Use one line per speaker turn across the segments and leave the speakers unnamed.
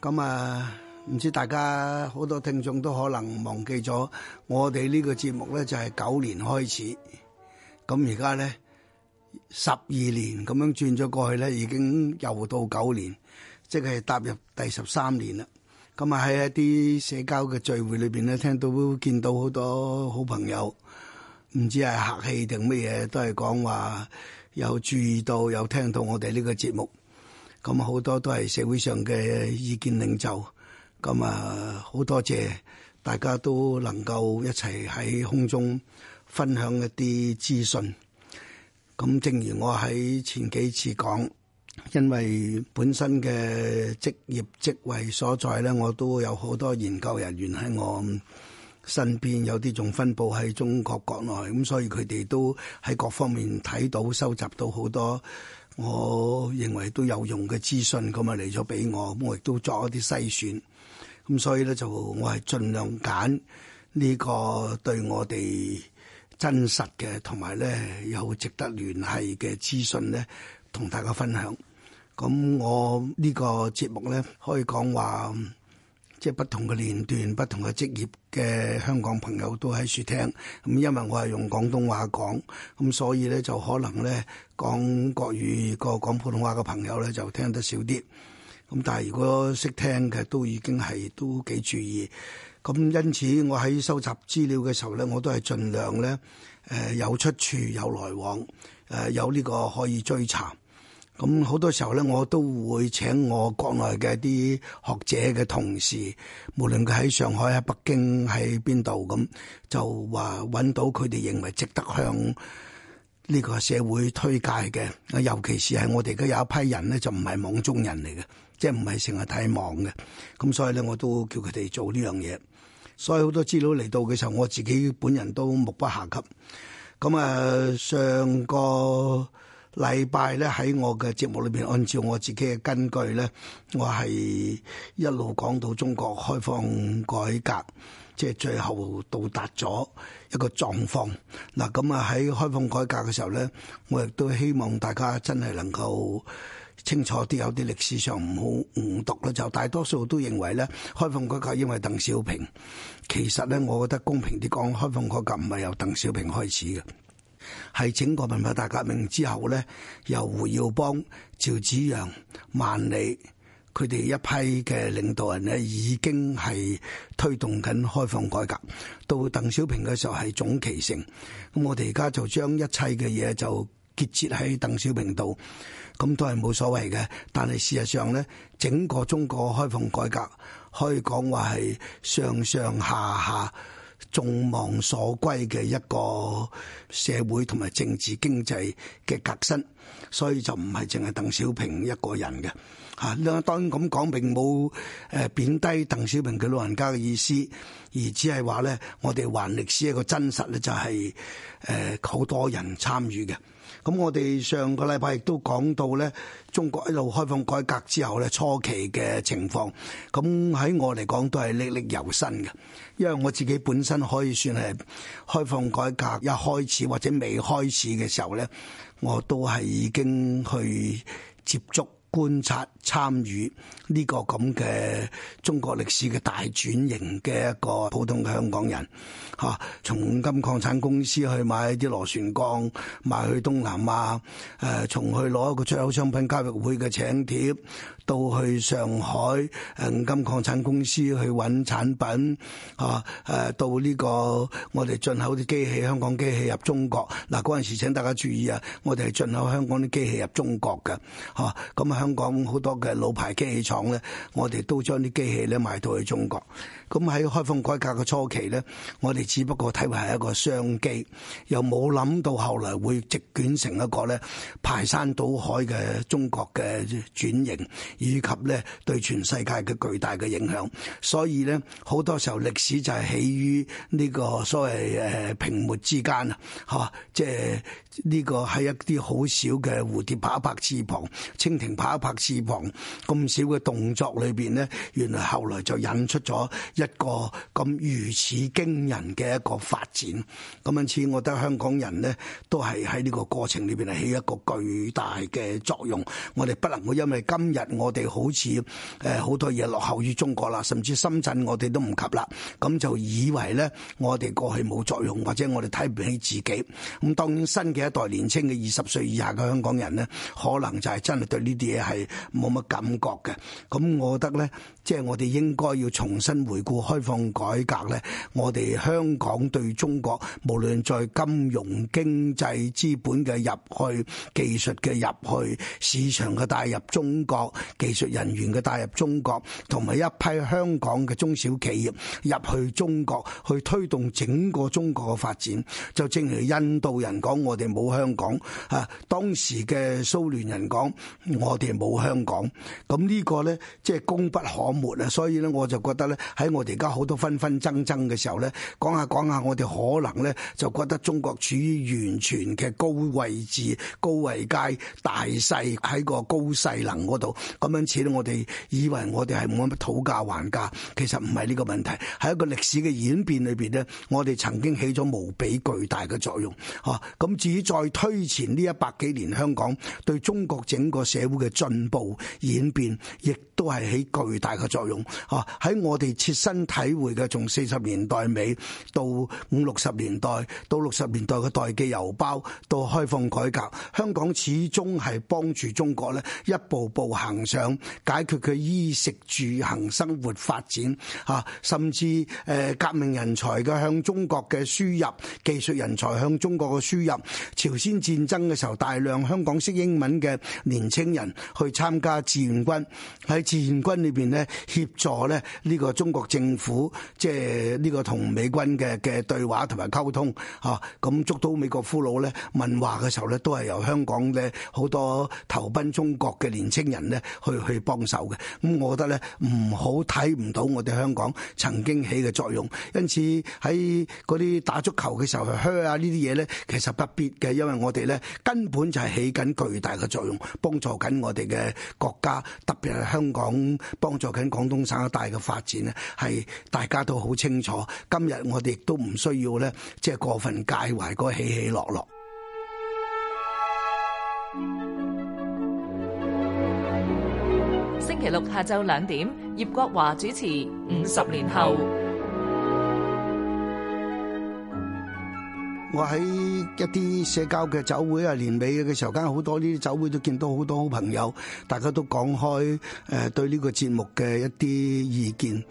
咁啊，唔知大家好多聽眾都可能忘記咗，我哋呢個節目咧就係九年開始，咁而家咧十二年咁樣轉咗過去咧，已經又到九年，即係踏入第十三年啦。咁啊喺一啲社交嘅聚會裏邊咧，聽到見到好多好朋友，唔知係客氣定乜嘢，都係講話有注意到，有聽到我哋呢個節目。咁好多都係社會上嘅意見領袖，咁啊好多謝大家都能夠一齊喺空中分享一啲資訊。咁正如我喺前幾次講，因為本身嘅職業職位所在咧，我都有好多研究人員喺我身邊，有啲仲分佈喺中國國內，咁所以佢哋都喺各方面睇到、收集到好多。我認為都有用嘅資訊，咁啊嚟咗俾我，我亦都作一啲篩選，咁所以咧就我係盡量揀呢個對我哋真實嘅、同埋咧有值得聯繫嘅資訊咧，同大家分享。咁我呢個節目咧可以講話，即係不同嘅年段、不同嘅職業嘅香港朋友都喺度聽，咁因為我係用廣東話講，咁所以咧就可能咧講國語個講普通話嘅朋友咧就聽得少啲，咁但係如果識聽嘅都已經係都幾注意，咁因此我喺收集資料嘅時候咧，我都係盡量咧誒有出處、有來往，誒有呢個可以追查。咁好多時候咧，我都會請我國內嘅啲學者嘅同事，無論佢喺上海、喺北京、喺邊度，咁就話揾到佢哋認為值得向呢個社會推介嘅。尤其是係我哋而家有一批人咧，就唔係網中人嚟嘅，即係唔係成日睇網嘅。咁所以咧，我都叫佢哋做呢樣嘢。所以好多資料嚟到嘅時候，我自己本人都目不暇給。咁啊，上個禮拜咧喺我嘅節目裏面，按照我自己嘅根據咧，我係一路講到中國開放改革，即係最後到達咗一個狀況。嗱，咁啊喺開放改革嘅時候咧，我亦都希望大家真係能夠清楚啲，有啲歷史上唔好誤讀啦。就大多數都認為咧，開放改革因為鄧小平。其實咧，我覺得公平啲講，開放改革唔係由鄧小平開始嘅。係整個文化大革命之後咧，由胡耀邦、趙紫陽、萬里佢哋一批嘅領導人咧，已經係推動緊開放改革。到鄧小平嘅時候係總其成，咁我哋而家就將一切嘅嘢就結結喺鄧小平度，咁都係冇所謂嘅。但係事實上咧，整個中國開放改革可以講話係上上下下，眾望所歸嘅一個社會同埋政治經濟嘅革新，所以就唔係淨係鄧小平一個人嘅吓。當然咁講，並冇誒貶低鄧小平佢老人家嘅意思，而只係話咧，我哋還歷史一個真實咧，就係誒好多人參與嘅。咁我哋上個禮拜亦都講到咧，中國一路開放改革之後咧，初期嘅情況，咁喺我嚟講都係歷歷猶新嘅，因為我自己本身可以算係開放改革一開始或者未開始嘅時候咧，我都係已經去接觸、觀察、參與。呢、這個咁嘅中國歷史嘅大轉型嘅一個普通嘅香港人，吓，從五金礦產公司去買啲螺旋鋼賣去東南亞誒、呃、從去攞一個出口商品交易會嘅請帖，到去上海五、嗯、金礦產公司去揾產品，嚇、啊，誒、啊、到呢個我哋進口啲機器，香港機器入中國嗱，陣、啊、時請大家注意啊，我哋係進口香港啲機器入中國嘅，吓、啊、咁香港好多嘅老牌機器廠。咧，我哋都將啲機器咧賣到去中國。咁喺開放改革嘅初期咧，我哋只不過睇為係一個商機，又冇諗到後來會席捲成一個咧排山倒海嘅中國嘅轉型，以及咧對全世界嘅巨大嘅影響。所以咧，好多時候歷史就係起於呢個所謂誒萍末之間啊，吓，即係呢個喺一啲好少嘅蝴蝶拍一拍翅膀，蜻蜓拍一拍翅膀，咁少嘅。動作裏面咧，原來後來就引出咗一個咁如此驚人嘅一個發展。咁因此，我覺得香港人咧都係喺呢個過程裏面係起一個巨大嘅作用。我哋不能夠因為今日我哋好似誒好多嘢落後於中國啦，甚至深圳我哋都唔及啦，咁就以為咧我哋過去冇作用，或者我哋睇唔起自己。咁當然新嘅一代年青嘅二十歲以下嘅香港人咧，可能就係真係對呢啲嘢係冇乜感覺嘅。咁我覺得咧，即係我哋應該要重新回顧開放改革咧。我哋香港對中國，無論在金融經濟資本嘅入去、技術嘅入去、市場嘅帶入中國、技術人員嘅帶入中國，同埋一批香港嘅中小企業入去中國，去推動整個中國嘅發展。就正如印度人講，我哋冇香港；啊，當時嘅蘇聯人講，我哋冇香港。咁呢個即係功不可沒啊！所以咧，我就覺得咧喺我哋而家好多紛紛爭爭嘅時候咧，講下講下，我哋可能咧就覺得中國處於完全嘅高位置、高位階、大勢喺個高勢能嗰度，咁樣似咧我哋以為我哋係冇乜討價還價，其實唔係呢個問題，係一個歷史嘅演變裡邊咧，我哋曾經起咗無比巨大嘅作用。吓咁，至於再推前呢一百幾年，香港對中國整個社會嘅進步演變，亦都係起巨大嘅作用，喺我哋切身體會嘅。從四十年代尾到五六十年代，到六十年代嘅代寄郵包，到開放改革，香港始終係幫住中國咧，一步步行上解決佢衣食住行生活發展嚇，甚至誒革命人才嘅向中國嘅輸入，技術人才向中國嘅輸入，朝鮮戰爭嘅時候，大量香港識英文嘅年青人去參加志願軍。喺志願軍裏邊咧，協助咧呢個中國政府，即係呢個同美軍嘅嘅對話同埋溝通，啊，咁捉到美國俘虜咧問話嘅時候咧，都係由香港嘅好多投奔中國嘅年青人咧去去幫手嘅。咁我覺得咧唔好睇唔到我哋香港曾經起嘅作用。因此喺嗰啲打足球嘅時候，靴啊呢啲嘢咧，其實不必嘅，因為我哋咧根本就係起緊巨大嘅作用，幫助緊我哋嘅國家，特別係。香港幫助緊廣東省一帶嘅發展咧，係大家都好清楚。今日我哋亦都唔需要咧，即係過分介懷嗰起起落落。星期六下晝兩點，葉國華主持《五十年後》年後。我喺一啲社交嘅酒會啊，年尾嘅時候梗係好多呢啲酒會都見到好多好朋友，大家都講開誒對呢個節目嘅一啲意見，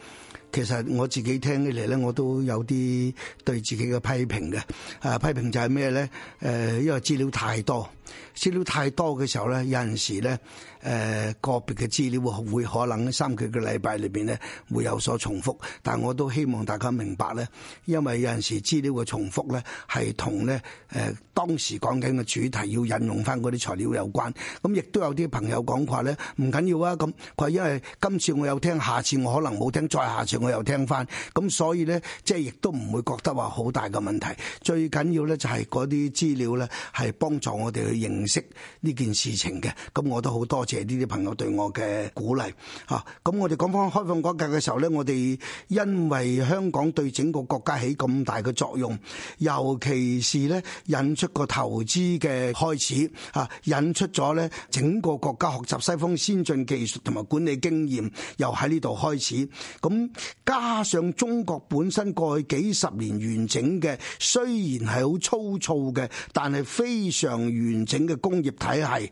其實我自己聽起嚟咧，我都有啲對自己嘅批評嘅。誒批評就係咩咧？誒因為資料太多。資料太多嘅時候咧，有陣時咧，誒，個別嘅資料會可能三幾個禮拜裏邊咧會有所重複，但係我都希望大家明白咧，因為有陣時資料嘅重複咧係同咧誒當時講緊嘅主題要引用翻嗰啲材料有關。咁亦都有啲朋友講話咧唔緊要啊，咁佢因為今次我有聽，下次我可能冇聽，再下次我又聽翻，咁所以咧即係亦都唔會覺得話好大嘅問題。最緊要咧就係嗰啲資料咧係幫助我哋去。認識呢件事情嘅，咁我都好多謝呢啲朋友對我嘅鼓勵嚇。咁我哋講翻開放改革嘅時候呢，我哋因為香港對整個國家起咁大嘅作用，尤其是呢引出個投資嘅開始，引出咗呢整個國家學習西方先進技術同埋管理經驗，又喺呢度開始。咁加上中國本身過去幾十年完整嘅，雖然係好粗糙嘅，但係非常完。整嘅工業體係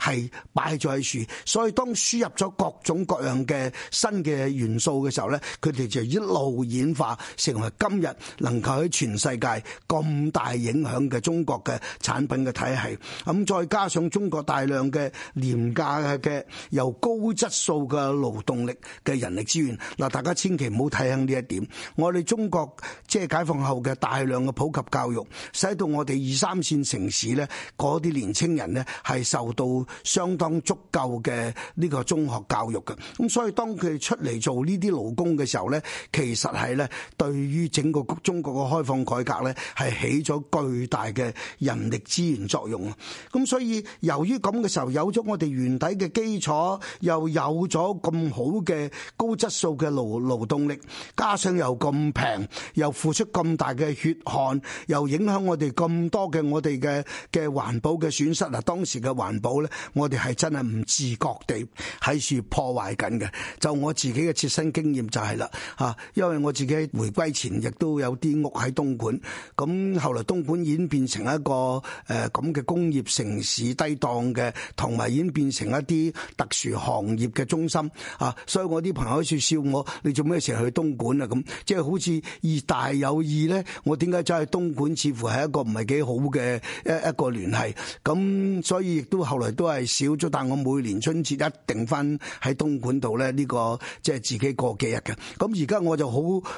係擺在樹，所以當輸入咗各種各樣嘅新嘅元素嘅時候咧，佢哋就一路演化成為今日能夠喺全世界咁大影響嘅中國嘅產品嘅體系。咁再加上中國大量嘅廉價嘅由高質素嘅勞動力嘅人力資源，嗱大家千祈唔好睇輕呢一點，我哋中國即係解放後嘅大量嘅普及教育使，使到我哋二三線城市咧嗰啲。年青人咧，係受到相當足夠嘅呢個中學教育嘅咁所以當佢哋出嚟做呢啲勞工嘅時候咧，其實係咧對於整個中國嘅開放改革咧係起咗巨大嘅人力資源作用。咁所以由於咁嘅時候有咗我哋原底嘅基礎，又有咗咁好嘅高質素嘅勞勞動力，加上又咁平，又付出咁大嘅血汗，又影響我哋咁多嘅我哋嘅嘅環保嘅。損失啊！當時嘅環保咧，我哋係真係唔自覺地喺處破壞緊嘅。就我自己嘅切身經驗就係啦，嚇，因為我自己回迴歸前亦都有啲屋喺東莞，咁後來東莞已經變成一個誒咁嘅工業城市低檔嘅，同埋已經變成一啲特殊行業嘅中心啊！所以我啲朋友開始笑我：你做咩成日去東莞啊？咁即係好似意大有意咧，我點解走去東莞？似乎係一個唔係幾好嘅一一個聯繫。咁所以亦都後來都係少咗，但我每年春節一定翻喺東莞度咧，呢個即係自己過幾日嘅。咁而家我就好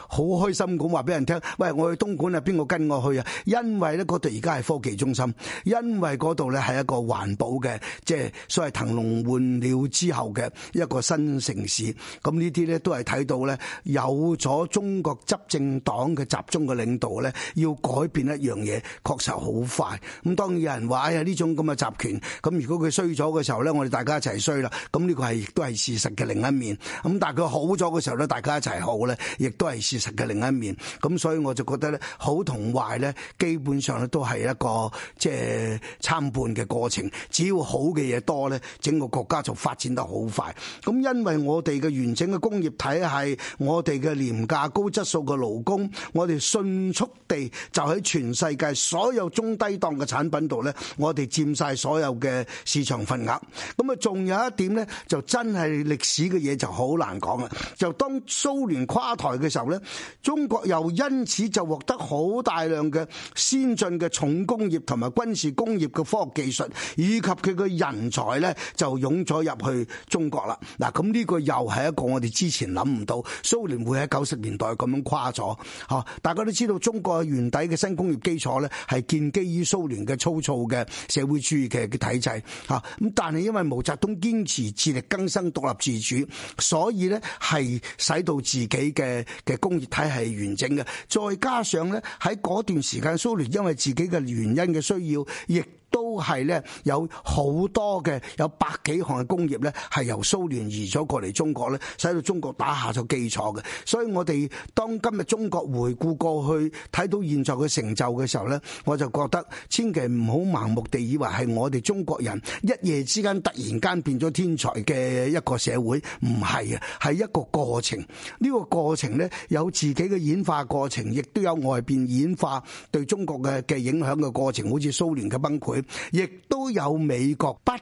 好開心咁話俾人聽，喂，我去東莞啊，邊個跟我去啊？因為咧嗰度而家係科技中心，因為嗰度咧係一個環保嘅，即係所謂騰籠換鳥之後嘅一個新城市。咁呢啲咧都係睇到咧有咗中國執政黨嘅集中嘅領導咧，要改變一樣嘢，確實好快。咁當然有人話呢種咁嘅集權，咁如果佢衰咗嘅時候呢，我哋大家一齊衰啦。咁呢個係亦都係事實嘅另一面。咁但係佢好咗嘅時候呢，大家一齊好呢，亦都係事實嘅另一面。咁所以我就覺得呢，好同壞呢，基本上呢都係一個即係參半嘅過程。只要好嘅嘢多呢，整個國家就發展得好快。咁因為我哋嘅完整嘅工業體系，我哋嘅廉價高質素嘅勞工，我哋迅速地就喺全世界所有中低檔嘅產品度呢，我我哋佔晒所有嘅市場份額，咁啊，仲有一點呢，就真係歷史嘅嘢就好難講啦。就當蘇聯垮台嘅時候呢，中國又因此就獲得好大量嘅先進嘅重工業同埋軍事工業嘅科學技術，以及佢嘅人才呢，就湧咗入去中國啦。嗱，咁呢個又係一個我哋之前諗唔到蘇聯會喺九十年代咁樣垮咗吓。大家都知道中國原底嘅新工業基礎呢，係建基於蘇聯嘅粗糙嘅社會主義嘅體制下，咁但係因為毛澤東堅持自力更生、獨立自主，所以咧係使到自己嘅嘅工業體系完整嘅，再加上咧喺嗰段時間，蘇聯因為自己嘅原因嘅需要，亦都係咧有好多嘅，有百幾項嘅工業咧，係由蘇聯移咗過嚟中國咧，使到中國打下咗基礎嘅。所以我哋當今日中國回顧過去，睇到現在嘅成就嘅時候咧，我就覺得千祈唔好盲目地以為係我哋中國人一夜之間突然間變咗天才嘅一個社會，唔係啊，係一個過程。呢個過程咧有自己嘅演化過程，亦都有外邊演化對中國嘅嘅影響嘅過程，好似蘇聯嘅崩潰。亦都有美國不。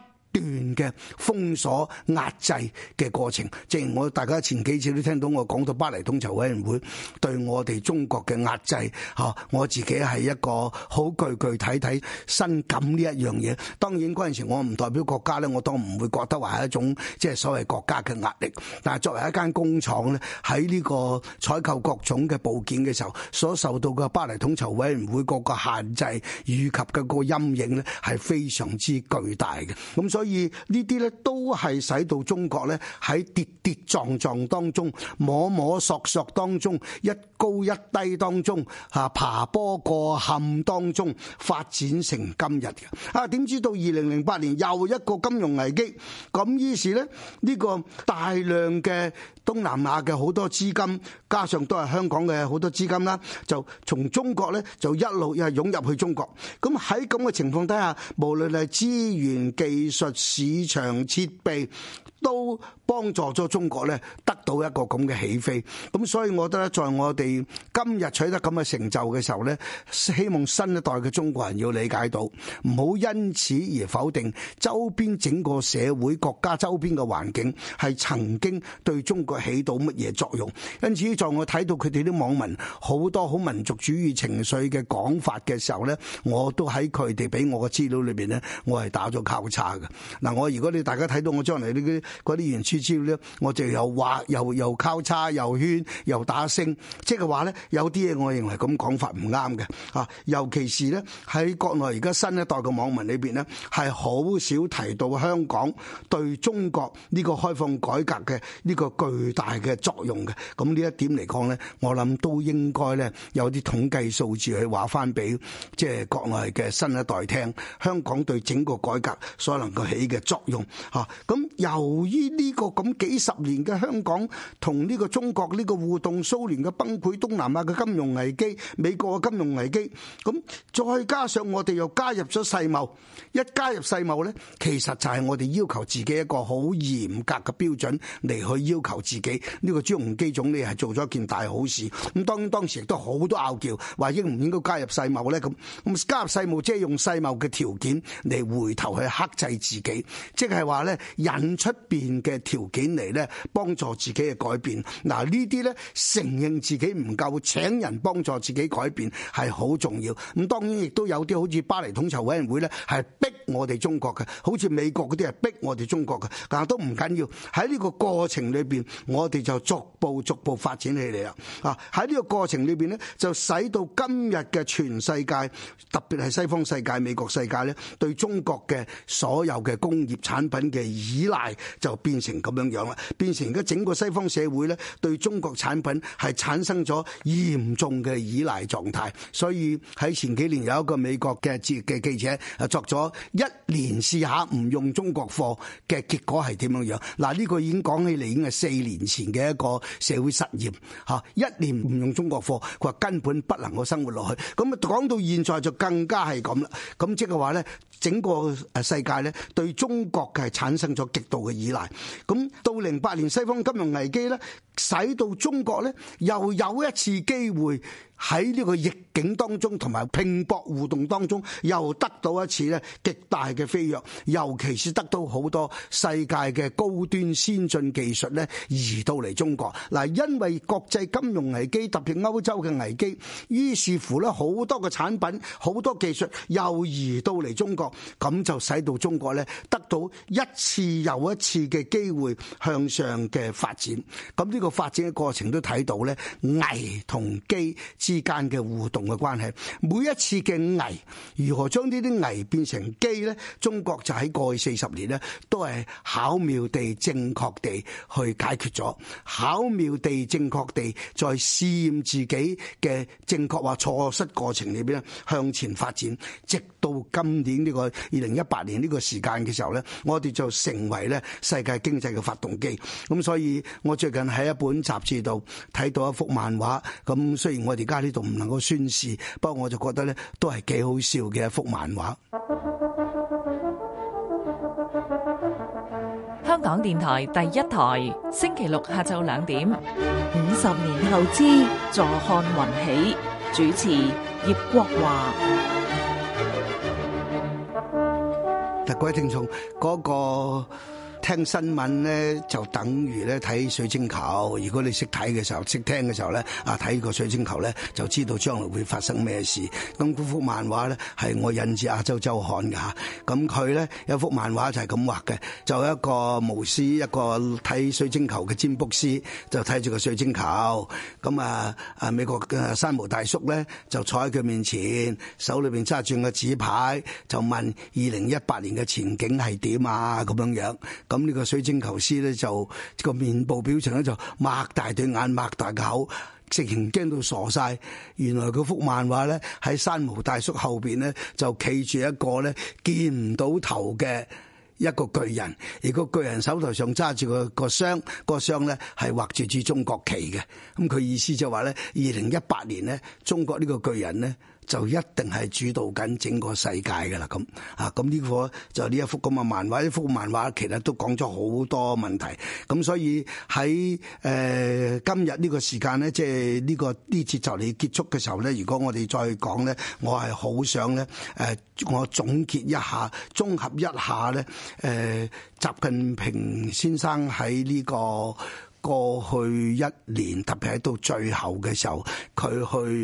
嘅封鎖壓制嘅過程，正如我大家前幾次都聽到我講到巴黎統籌委員會對我哋中國嘅壓制吓，我自己係一個好具具體睇身感呢一樣嘢。當然陣時我唔代表國家咧，我都唔會覺得話係一種即係、就是、所謂國家嘅壓力。但係作為一間工廠咧，喺呢個採購各種嘅部件嘅時候，所受到嘅巴黎統籌委員會個個限制以及嘅個陰影咧，係非常之巨大嘅。咁所以所以呢啲咧都係使到中國咧喺跌跌撞撞當中、摸摸索索當中、一高一低當中、啊爬坡過坎當中發展成今日嘅。啊，點知到二零零八年又一個金融危機，咁於是咧呢個大量嘅東南亞嘅好多資金，加上都係香港嘅好多資金啦，就從中國咧就一路又係湧入去中國，咁喺咁嘅情況底下，無論係資源、技術，市場設備。都幫助咗中國咧，得到一個咁嘅起飛，咁所以，我覺得咧，在我哋今日取得咁嘅成就嘅時候咧，希望新一代嘅中國人要理解到，唔好因此而否定周邊整個社會國家周邊嘅環境係曾經對中國起到乜嘢作用。因此，在我睇到佢哋啲網民好多好民族主義情緒嘅講法嘅時候咧，我都喺佢哋俾我嘅資料裏邊咧，我係打咗交叉嘅。嗱，我如果你大家睇到我將嚟呢啲。嗰啲言之之咧，我就又話又又交叉又圈又打聲，即係話咧，有啲嘢我認為咁講法唔啱嘅。尤其是咧喺國內而家新一代嘅網民裏面咧，係好少提到香港對中國呢個開放改革嘅呢個巨大嘅作用嘅。咁呢一點嚟講咧，我諗都應該咧有啲統計數字去話翻俾即係國內嘅新一代聽，香港對整個改革所能夠起嘅作用咁。由於呢個咁幾十年嘅香港同呢個中國呢個互動，蘇聯嘅崩潰、東南亞嘅金融危機、美國嘅金融危機，咁再加上我哋又加入咗世貿，一加入世貿咧，其實就係我哋要求自己一個好嚴格嘅標準嚟去要求自己。呢個朱鎔基總理係做咗一件大好事。咁當當時亦都好多拗撬，話應唔應該加入世貿咧？咁咁加入世貿即係用世貿嘅條件嚟回頭去克制自己，即係話咧，人。出邊嘅條件嚟咧，幫助自己嘅改變。嗱，呢啲咧承認自己唔夠，請人幫助自己改變係好重要。咁當然亦都有啲好似巴黎統籌委員會咧，係逼我哋中國嘅，好似美國嗰啲係逼我哋中國嘅，但係都唔緊要。喺呢個過程裏邊，我哋就逐步逐步發展起嚟啊！啊，喺呢個過程裏邊咧，就使到今日嘅全世界，特別係西方世界、美國世界咧，對中國嘅所有嘅工業產品嘅依賴。就變成咁樣樣啦，變成而家整個西方社會咧，對中國產品係產生咗嚴重嘅依賴狀態，所以喺前幾年有一個美國嘅記嘅記者啊作咗一年試下唔用中國貨嘅結果係點樣樣？嗱，呢個已經講起嚟已經係四年前嘅一個社會實驗吓，一年唔用中國貨，佢話根本不能夠生活落去。咁啊講到現在就更加係咁啦，咁即係話咧。整個誒世界咧，對中國係產生咗極度嘅依賴。咁到零八年西方金融危機咧，使到中國咧又有一次機會。喺呢個逆境當中，同埋拼搏互動當中，又得到一次咧極大嘅飛躍，尤其是得到好多世界嘅高端先進技術咧移到嚟中國。嗱，因為國際金融危機，特別歐洲嘅危機，於是乎咧好多嘅產品、好多技術又移到嚟中國，咁就使到中國咧得到一次又一次嘅機會向上嘅發展。咁呢個發展嘅過程都睇到咧危同機之間嘅互動嘅關係，每一次嘅危，如何將呢啲危變成機咧？中國就喺過去四十年咧，都係巧妙地、正確地去解決咗，巧妙地、正確地在試驗自己嘅正確或錯失過程裏邊咧向前發展，直到今年呢個二零一八年呢個時間嘅時候咧，我哋就成為咧世界經濟嘅發動機，咁所以，我最近喺一本雜誌度睇到一幅漫畫，咁雖然我哋而家喺呢度唔能夠宣示，不過我就覺得呢都係幾好笑嘅一幅漫畫。香港電台第一台，星期六下晝兩點，五十年後之，坐看雲起，主持葉國華。嗱，各位聽眾，嗰個，聽新聞咧就等於咧睇水晶球，如果你識睇嘅時候，識聽嘅時候咧，啊睇個水晶球咧就知道將來會發生咩事。咁嗰幅漫畫咧係我引自《亞洲週刊》噶吓，咁佢咧有幅漫畫就係咁畫嘅，就一個巫師，一個睇水晶球嘅占卜師，就睇住個水晶球。咁啊啊美國嘅山姆大叔咧就坐喺佢面前，手裏邊揸住個紙牌，就問二零一八年嘅前景係點啊咁樣樣。咁咁呢個水晶球師咧就個面部表情咧就擘大對眼，擘大口，直情驚到傻晒。原來個幅漫畫咧喺山姆大叔後邊咧就企住一個咧見唔到頭嘅一個巨人，而個巨人手頭上揸住個個箱，個箱咧係畫住住中國旗嘅。咁佢意思就話咧，二零一八年咧，中國呢個巨人咧。就一定係主導緊整個世界噶啦咁啊！咁呢、這個就呢一幅咁嘅漫畫，呢幅漫畫其實都講咗好多問題。咁所以喺誒、呃、今日呢個時間咧，即係呢、這個呢、這個這個、節就嚟結束嘅時候咧，如果我哋再講咧，我係好想咧誒、呃，我總結一下，綜合一下咧誒、呃，習近平先生喺呢、這個。過去一年，特別喺到最後嘅時候，佢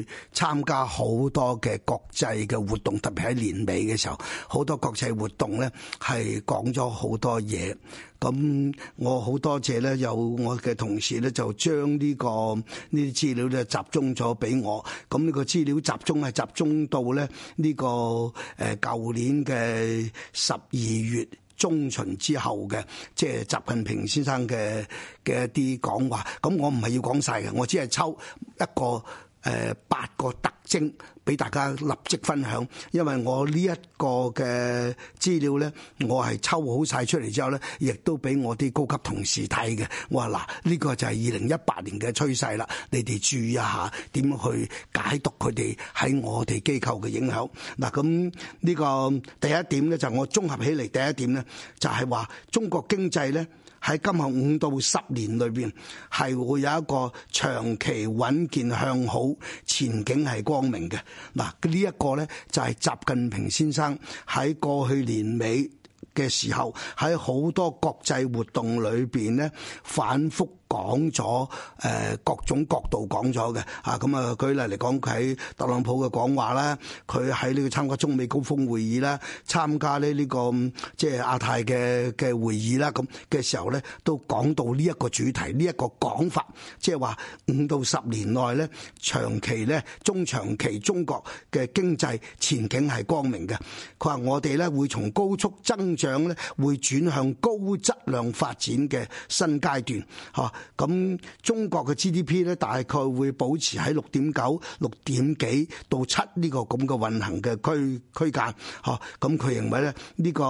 去參加好多嘅國際嘅活動，特別喺年尾嘅時候，好多國際活動咧係講咗好多嘢。咁我好多謝咧，有我嘅同事咧就將呢個呢啲資料咧集中咗俾我。咁呢個資料集中係集中到咧呢個誒舊年嘅十二月中旬之後嘅，即係習近平先生嘅嘅一啲講話，咁我唔係要講晒嘅，我只係抽一個。誒八個特徵俾大家立即分享，因為我呢一個嘅資料咧，我係抽好晒出嚟之後咧，亦都俾我啲高級同事睇嘅。我話嗱，呢、這個就係二零一八年嘅趨勢啦，你哋注意一下點去解讀佢哋喺我哋機構嘅影響。嗱，咁呢個第一點咧，就係、我綜合起嚟第一點咧，就係、是、話中國經濟咧。喺今後五到十年裏邊，係會有一個長期穩健向好前景，係光明嘅。嗱，呢一個咧就係習近平先生喺過去年尾嘅時候，喺好多國際活動裏邊咧反覆。講咗誒各種角度講咗嘅啊，咁啊舉例嚟講，佢喺特朗普嘅講話啦，佢喺呢個參加中美高峰會議啦，參加呢個即係亞太嘅嘅會議啦，咁嘅時候咧都講到呢一個主題，呢一個講法，即係話五到十年內咧，長期咧中長期中國嘅經濟前景係光明嘅。佢話我哋咧會從高速增長咧，會轉向高質量發展嘅新階段，嚇。咁中國嘅 GDP 咧大概會保持喺六點九六點幾到七呢個咁嘅運行嘅區區間吓，咁佢認為咧、這、呢個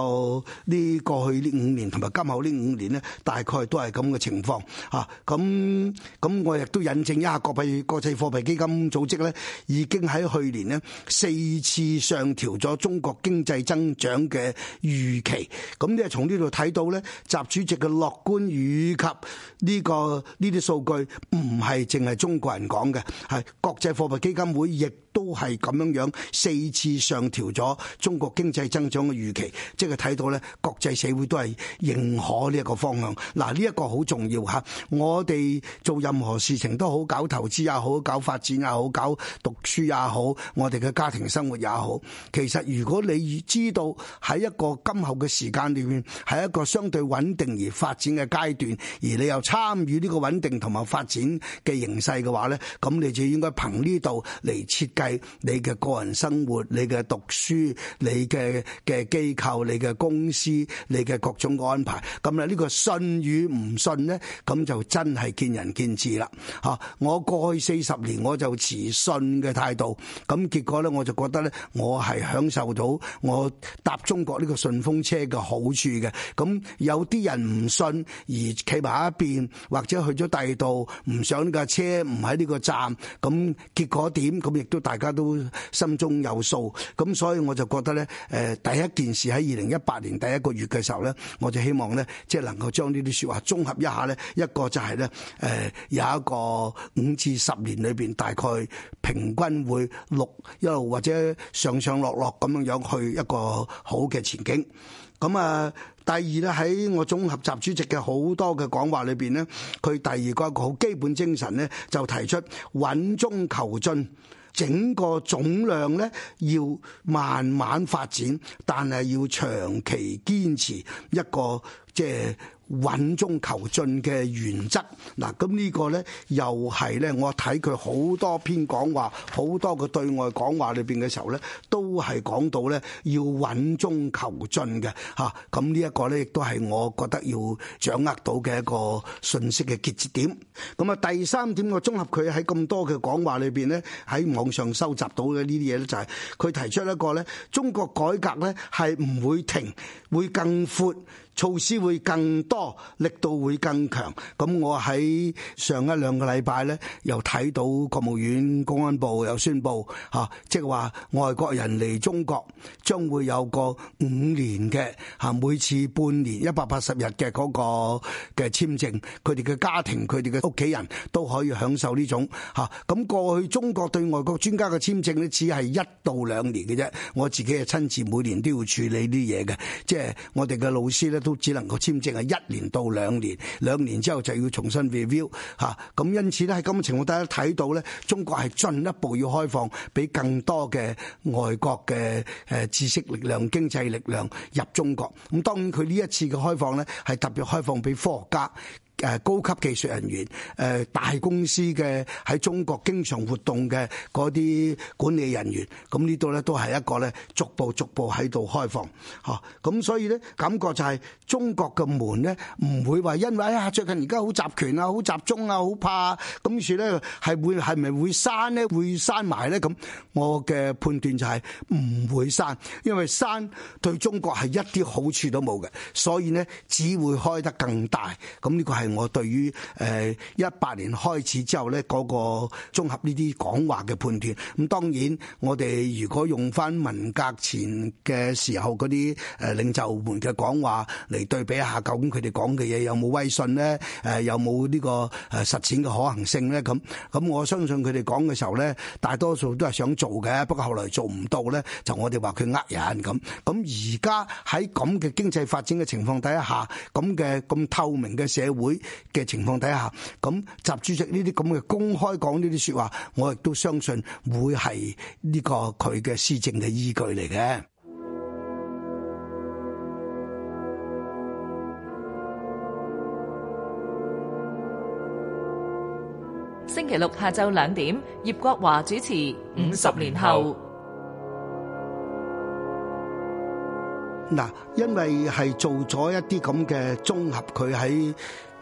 呢、這個、過去呢五年同埋今後呢五年咧大概都係咁嘅情況，嚇咁咁我亦都引證一下國際國際貨幣基金組織咧已經喺去年咧四次上調咗中國經濟增長嘅預期，咁你係從呢度睇到咧習主席嘅樂觀與及呢、這個。呢啲數據唔係淨係中國人講嘅，係國際貨幣基金會亦，都係咁樣樣，四次上調咗中國經濟增長嘅預期，即係睇到咧，國際社會都係認可呢一個方向。嗱，呢一個好重要吓，我哋做任何事情都好，搞投資也好，搞發展也好，搞讀書也好，我哋嘅家庭生活也好。其實如果你知道喺一個今後嘅時間裏邊係一個相對穩定而發展嘅階段，而你又參與呢個穩定同埋發展嘅形勢嘅話咧，咁你就應該憑呢度嚟設計。你嘅個人生活，你嘅讀書，你嘅嘅機構，你嘅公司，你嘅各種的安排。咁咧呢個信與唔信呢？咁就真係見仁見智啦。吓，我過去四十年我就持信嘅態度，咁結果呢，我就覺得呢，我係享受到我搭中國呢個順風車嘅好處嘅。咁有啲人唔信而企埋一邊，或者去咗第二度，唔想架車，唔喺呢個站，咁結果點？咁亦都大家都心中有數，咁所以我就覺得咧，誒第一件事喺二零一八年第一個月嘅時候咧，我就希望咧，即係能夠將呢啲說話綜合一下咧。一個就係咧，誒有一個五至十年裏面大概平均會六一路或者上上落落咁樣樣去一個好嘅前景。咁啊，第二咧喺我綜合習主席嘅好多嘅講話裏面咧，佢第二個一個好基本精神咧，就提出穩中求進。整個總量咧要慢慢發展，但係要長期堅持一個即係，穩中求進嘅原則，嗱咁呢個咧又係咧，我睇佢好多篇講話，好多個對外講話裏面嘅時候咧，都係講到咧要穩中求進嘅嚇。咁呢一個咧，亦都係我覺得要掌握到嘅一個信息嘅結節點。咁啊，第三點我綜合佢喺咁多嘅講話裏面咧，喺網上收集到嘅呢啲嘢咧，就係佢提出一個咧，中國改革咧係唔會停，會更闊。措施會更多，力度會更強，咁我喺上一兩個禮拜咧，又睇到國務院公安部又宣布吓，即係話外國人嚟中國將會有個五年嘅吓，每次半年一百八十日嘅嗰個嘅簽證，佢哋嘅家庭、佢哋嘅屋企人都可以享受呢種吓，咁過去中國對外國專家嘅簽證咧，只係一到兩年嘅啫。我自己係親自每年都要處理啲嘢嘅，即係我哋嘅老師咧。都只能夠簽證係一年到兩年，兩年之後就要重新 review 嚇。咁因此咧，喺咁嘅情況底下，大家睇到咧，中國係進一步要開放俾更多嘅外國嘅誒知識力量、經濟力量入中國。咁當然佢呢一次嘅開放咧，係特別開放俾科學家。誒高級技術人員，誒大公司嘅喺中國經常活動嘅嗰啲管理人員，咁呢度咧都係一個咧逐步逐步喺度開放，嚇，咁所以咧感覺就係中國嘅門咧唔會話因為啊最近而家好集權啊，好集中啊，好怕，咁於是咧係會係咪會閂咧會閂埋咧咁？我嘅判斷就係唔會閂，因為閂對中國係一啲好處都冇嘅，所以咧只會開得更大，咁呢個係。我對於誒一八年開始之後咧，嗰個綜合呢啲講話嘅判斷，咁當然我哋如果用翻文革前嘅時候嗰啲誒領袖們嘅講話嚟對比一下，究竟佢哋講嘅嘢有冇威信咧？誒有冇呢個誒實踐嘅可行性咧？咁咁我相信佢哋講嘅時候咧，大多數都係想做嘅，不過後來做唔到咧，就我哋話佢呃人咁。咁而家喺咁嘅經濟發展嘅情況底下，咁嘅咁透明嘅社會。嘅情況底下，咁習主席呢啲咁嘅公開講呢啲說話，我亦都相信會係呢個佢嘅施政嘅依據嚟嘅。星期六下晝兩點，葉國華主持《五十年後》。嗱，因為係做咗一啲咁嘅綜合，佢喺。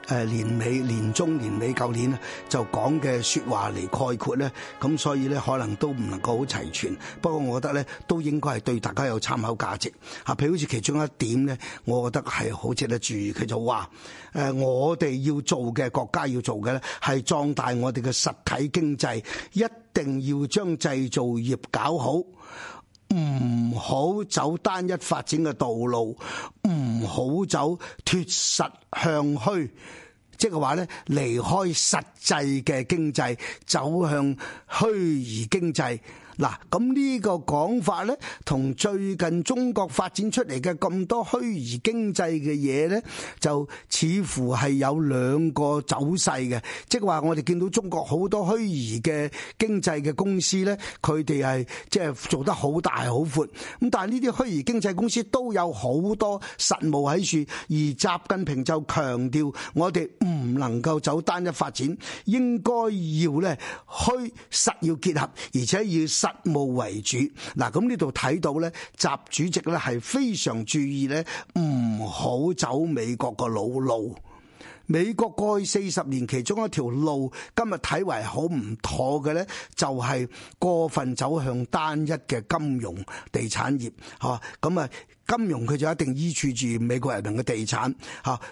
誒年尾，年中、年尾，舊年咧就講嘅說話嚟概括咧，咁所以咧可能都唔能夠好齊全。不過，我覺得咧都應該係對大家有參考價值。啊，譬如好似其中一點咧，我覺得係好值得注意。佢就話：誒，我哋要做嘅國家要做嘅咧，係壯大我哋嘅實體經濟，一定要將製造業搞好。唔好走單一發展嘅道路，唔好走脱實向虛，即係話咧，離開實際嘅經濟走向虛擬經濟。嗱，咁呢個講法咧，同最近中國發展出嚟嘅咁多虛擬經濟嘅嘢咧，就似乎係有兩個走勢嘅，即係話我哋見到中國好多虛擬嘅經濟嘅公司咧，佢哋係即係做得好大好闊，咁但係呢啲虛擬經濟公司都有好多實務喺處，而習近平就強調我哋唔能夠走單一發展，應該要咧虛實要結合，而且要。實務為主，嗱，咁呢度睇到咧，習主席咧係非常注意咧，唔好走美國個老路。美國過去四十年其中一條路，今日睇為好唔妥嘅咧，就係過分走向單一嘅金融地產業，嚇咁啊！金融佢就一定依處住美國人民嘅地產，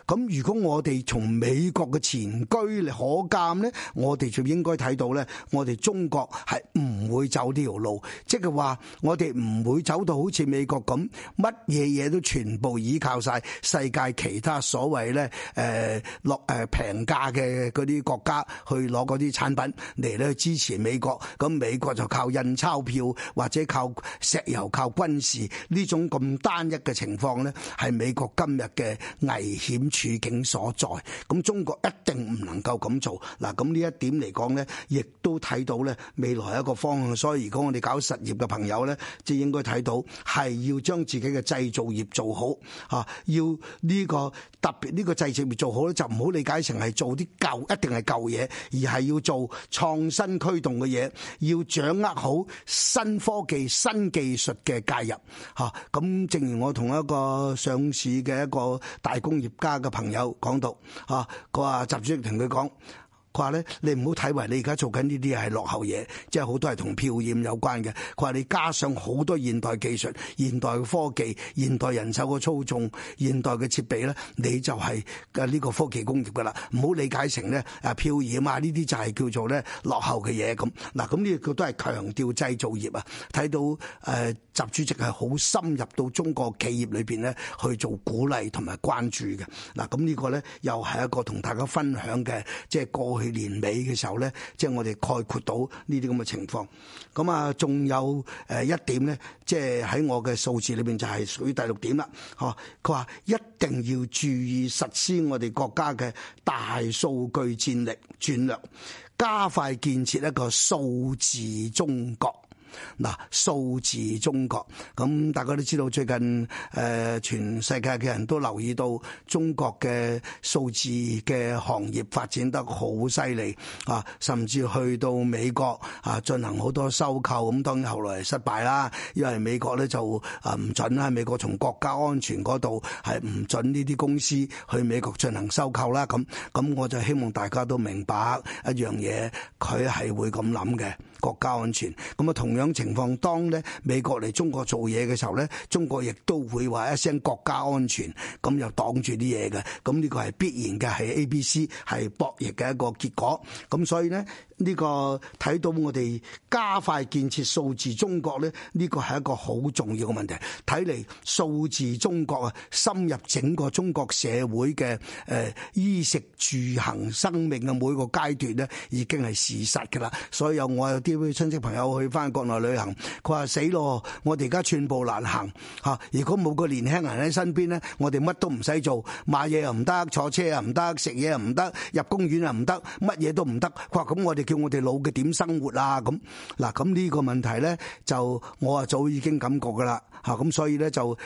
咁如果我哋從美國嘅前居嚟可鑑呢，我哋就應該睇到呢：我哋中國係唔會走呢條路，即係話我哋唔會走到好似美國咁，乜嘢嘢都全部依靠晒世界其他所謂呢，誒落誒平價嘅嗰啲國家去攞嗰啲產品嚟咧支持美國，咁美國就靠印鈔票或者靠石油、靠軍事呢種咁單單一嘅情況咧，係美國今日嘅危險處境所在。咁中國一定唔能夠咁做嗱。咁呢一點嚟講咧，亦都睇到咧未來一個方向。所以如果我哋搞實業嘅朋友咧，即係應該睇到係要將自己嘅製造業做好吓，要呢個特別呢個製造業做好咧，就唔好理解成係做啲舊一定係舊嘢，而係要做創新驅動嘅嘢，要掌握好新科技、新技術嘅介入吓。咁正。我同一個上市嘅一個大工業家嘅朋友講到，嚇，佢話習主席同佢講，佢話咧，你唔好睇為你而家做緊呢啲係落後嘢，即係好多係同漂染有關嘅。佢話你加上好多現代技術、現代嘅科技、現代人手嘅操縱、現代嘅設備咧，你就係嘅呢個科技工業噶啦。唔好理解成咧誒，漂染啊呢啲就係叫做咧落後嘅嘢咁。嗱，咁呢個都係強調製造業啊。睇到誒。呃習主席係好深入到中國企業裏邊咧，去做鼓勵同埋關注嘅。嗱，咁呢個咧又係一個同大家分享嘅，即係過去年尾嘅時候咧，即係我哋概括到呢啲咁嘅情況。咁啊，仲有誒一點咧，即係喺我嘅數字裏邊，就係屬於第六點啦。哦，佢話一定要注意實施我哋國家嘅大數據戰力戰略，加快建設一個數字中國。嗱，數字中國咁，大家都知道最近誒、呃，全世界嘅人都留意到中國嘅數字嘅行業發展得好犀利啊，甚至去到美國啊，進行好多收購，咁當然後來失敗啦，因為美國咧就啊唔准啦，美國從國家安全嗰度係唔准呢啲公司去美國進行收購啦，咁咁我就希望大家都明白一樣嘢，佢係會咁諗嘅。國家安全，咁啊同樣情況，當咧美國嚟中國做嘢嘅時候咧，中國亦都會話一聲國家安全，咁又擋住啲嘢嘅，咁呢個係必然嘅，係 A、B、C，係博弈嘅一個結果。咁所以咧，呢、這個睇到我哋加快建設數字中國咧，呢、這個係一個好重要嘅問題。睇嚟數字中國啊，深入整個中國社會嘅誒、呃、衣食住行、生命嘅每個階段咧，已經係事實噶啦。所以有我有啲。呢位親戚朋友去翻國內旅行，佢話死咯！我哋而家寸步難行嚇，如果冇個年輕人喺身邊咧，我哋乜都唔使做，買嘢又唔得，坐車又唔得，食嘢又唔得，入公園又唔得，乜嘢都唔得。佢話，咁我哋叫我哋老嘅點生活啊？咁嗱，咁呢個問題咧，就我啊早已經感覺噶啦。吓，咁所以咧，就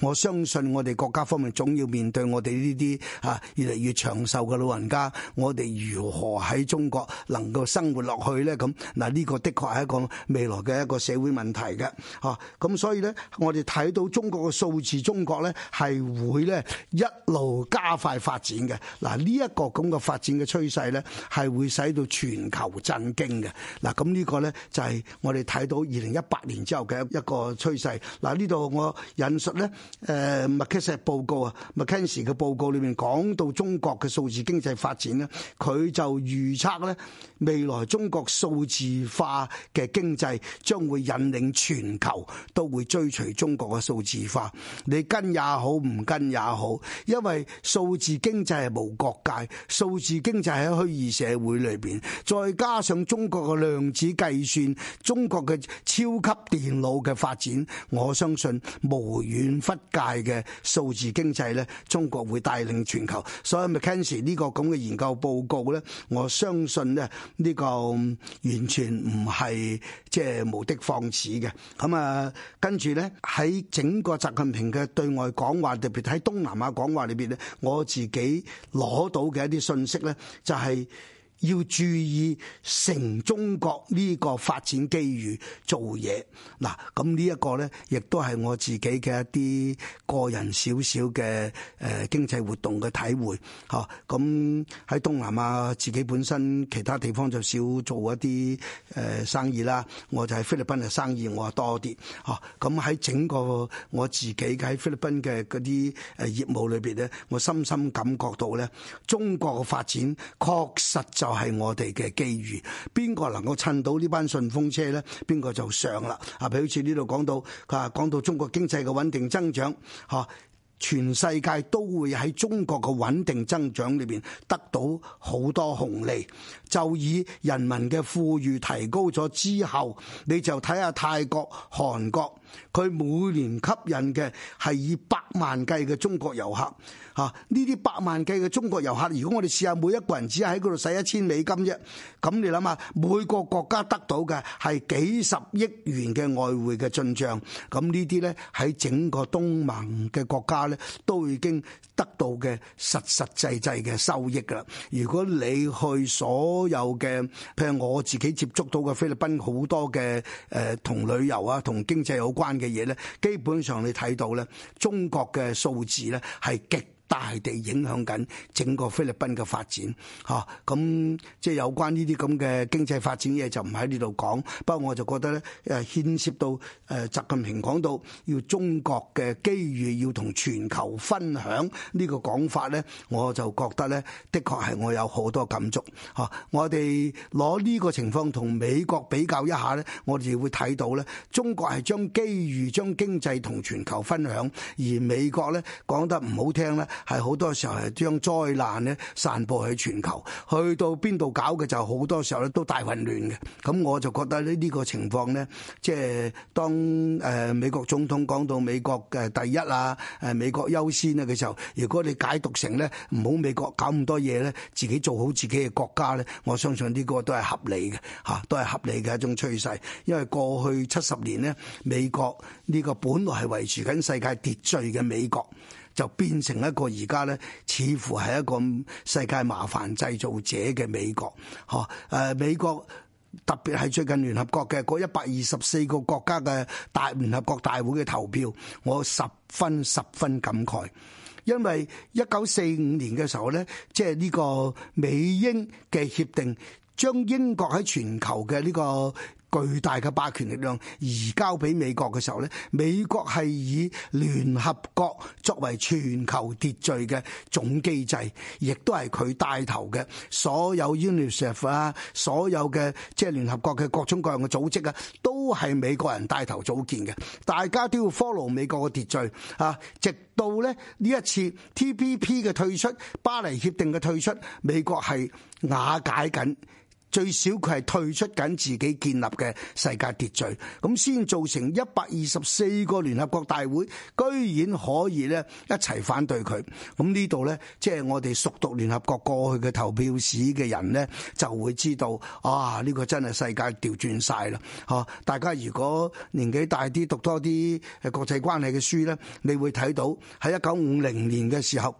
我相信我哋國家方面總要面對我哋呢啲啊越嚟越長壽嘅老人家，我哋如何喺中國能夠生活落去咧？咁嗱呢個的確係一個未來嘅一個社會問題嘅。吓咁所以咧，我哋睇到中國嘅數字中國咧係會咧一路加快發展嘅。嗱呢一個咁嘅發展嘅趨勢咧，係會使到全球震驚嘅。嗱咁呢個咧就係我哋睇到二零一八年之後嘅一個趨勢。嗱呢。呢度我引述咧誒麥肯錫嘅報告，啊麥肯錫嘅報告裏面講到中國嘅數字經濟發展呢，佢就預測呢，未來中國數字化嘅經濟將會引領全球，都會追隨中國嘅數字化，你跟也好唔跟也好，因為數字經濟係無國界。數字經濟喺虛擬社會裏邊，再加上中國嘅量子計算，中國嘅超級電腦嘅發展，我相信信無遠弗屆嘅數字經濟咧，中國會帶領全球，所以 McKenzie 呢個咁嘅研究報告咧，我相信咧呢個完全唔係即係無的放矢嘅。咁啊，跟住咧喺整個習近平嘅對外講話，特別喺東南亞講話裏邊咧，我自己攞到嘅一啲信息咧，就係、是。要注意成中國呢個發展機遇做嘢嗱，咁呢一個咧，亦都係我自己嘅一啲個人少少嘅誒經濟活動嘅體會吓，咁喺東南亞自己本身其他地方就少做一啲誒生意啦。我就係菲律賓嘅生意，我多啲嚇。咁喺整個我自己喺菲律賓嘅啲誒業務裏邊咧，我深深感覺到咧，中國嘅發展確實就。係我哋嘅機遇，邊個能夠趁到呢班順風車呢？邊個就上啦！啊，譬如好似呢度講到啊，講到中國經濟嘅穩定增長，吓全世界都會喺中國嘅穩定增長裏邊得到好多紅利。就以人民嘅富裕提高咗之後，你就睇下泰國、韓國。佢每年吸引嘅係以百萬計嘅中國遊客，吓，呢啲百萬計嘅中國遊客，如果我哋試下每一個人只係喺度使一千美金啫，咁你諗下每個國家得到嘅係幾十億元嘅外匯嘅進賬，咁呢啲咧喺整個東盟嘅國家咧都已經得到嘅實實際際嘅收益啦。如果你去所有嘅譬如我自己接觸到嘅菲律賓好多嘅誒同旅遊啊同經濟有關嘅嘢咧，基本上你睇到咧，中國嘅數字咧，係極大地影響緊整個菲律賓嘅發展，嚇咁即係有關呢啲咁嘅經濟發展嘢就唔喺呢度講。不過我就覺得咧，誒牽涉到誒習近平講到要中國嘅機遇要同全球分享呢個講法咧，我就覺得咧，的確係我有好多感觸嚇。我哋攞呢個情況同美國比較一下咧，我哋會睇到咧，中國係將機遇將經濟同全球分享，而美國咧，講得唔好聽咧。係好多時候係將災難咧散布去全球，去到邊度搞嘅就好多時候咧都大混亂嘅。咁我就覺得呢呢個情況咧，即係當誒美國總統講到美國嘅第一啊，誒美國優先啊嘅時候，如果你解讀成咧唔好美國搞咁多嘢咧，自己做好自己嘅國家咧，我相信呢個都係合理嘅，吓都係合理嘅一種趨勢。因為過去七十年呢，美國呢個本來係維持緊世界秩序嘅美國。就變成一個而家咧，似乎係一個世界麻煩製造者嘅美國，嚇！誒美國特別係最近聯合國嘅嗰一百二十四個國家嘅大聯合國大會嘅投票，我十分十分感慨，因為一九四五年嘅時候咧，即係呢個美英嘅協定，將英國喺全球嘅呢個巨大嘅霸權力量移交俾美國嘅時候咧，美國係以聯合國作為全球秩序嘅總機制，亦都係佢帶頭嘅。所有 UNICEF 啊，所有嘅即係聯合國嘅各種各樣嘅組織啊，都係美國人帶頭組建嘅。大家都要 follow 美國嘅秩序啊，直到咧呢一次 TPP 嘅退出、巴黎協定嘅退出，美國係瓦解緊。最少佢係退出緊自己建立嘅世界秩序，咁先造成一百二十四個聯合國大會居然可以咧一齊反對佢。咁呢度咧，即係我哋熟讀聯合國過去嘅投票史嘅人咧，就會知道啊，呢個真係世界調轉曬啦。吓，大家如果年紀大啲，讀多啲誒國際關係嘅書咧，你會睇到喺一九五零年嘅時候。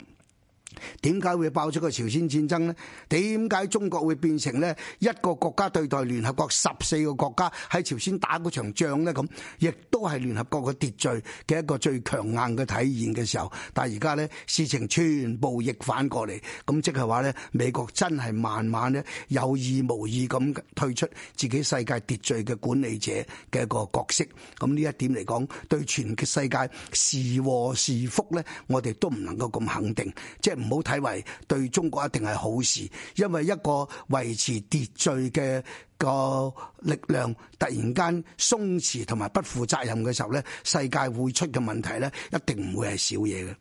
點解會爆出個朝鮮戰爭呢？點解中國會變成呢一個國家對待聯合國十四個國家喺朝鮮打嗰場仗呢？咁亦都係聯合國嘅秩序嘅一個最強硬嘅體現嘅時候。但係而家呢，事情全部逆反過嚟，咁即係話呢，美國真係慢慢呢有意無意咁退出自己世界秩序嘅管理者嘅一個角色。咁呢一點嚟講，對全世界是禍是福呢，我哋都唔能夠咁肯定，即係。唔好睇為對中國一定係好事，因為一個維持秩序嘅個力量突然間鬆弛同埋不負責任嘅時候咧，世界會出嘅問題咧，一定唔會係少嘢嘅。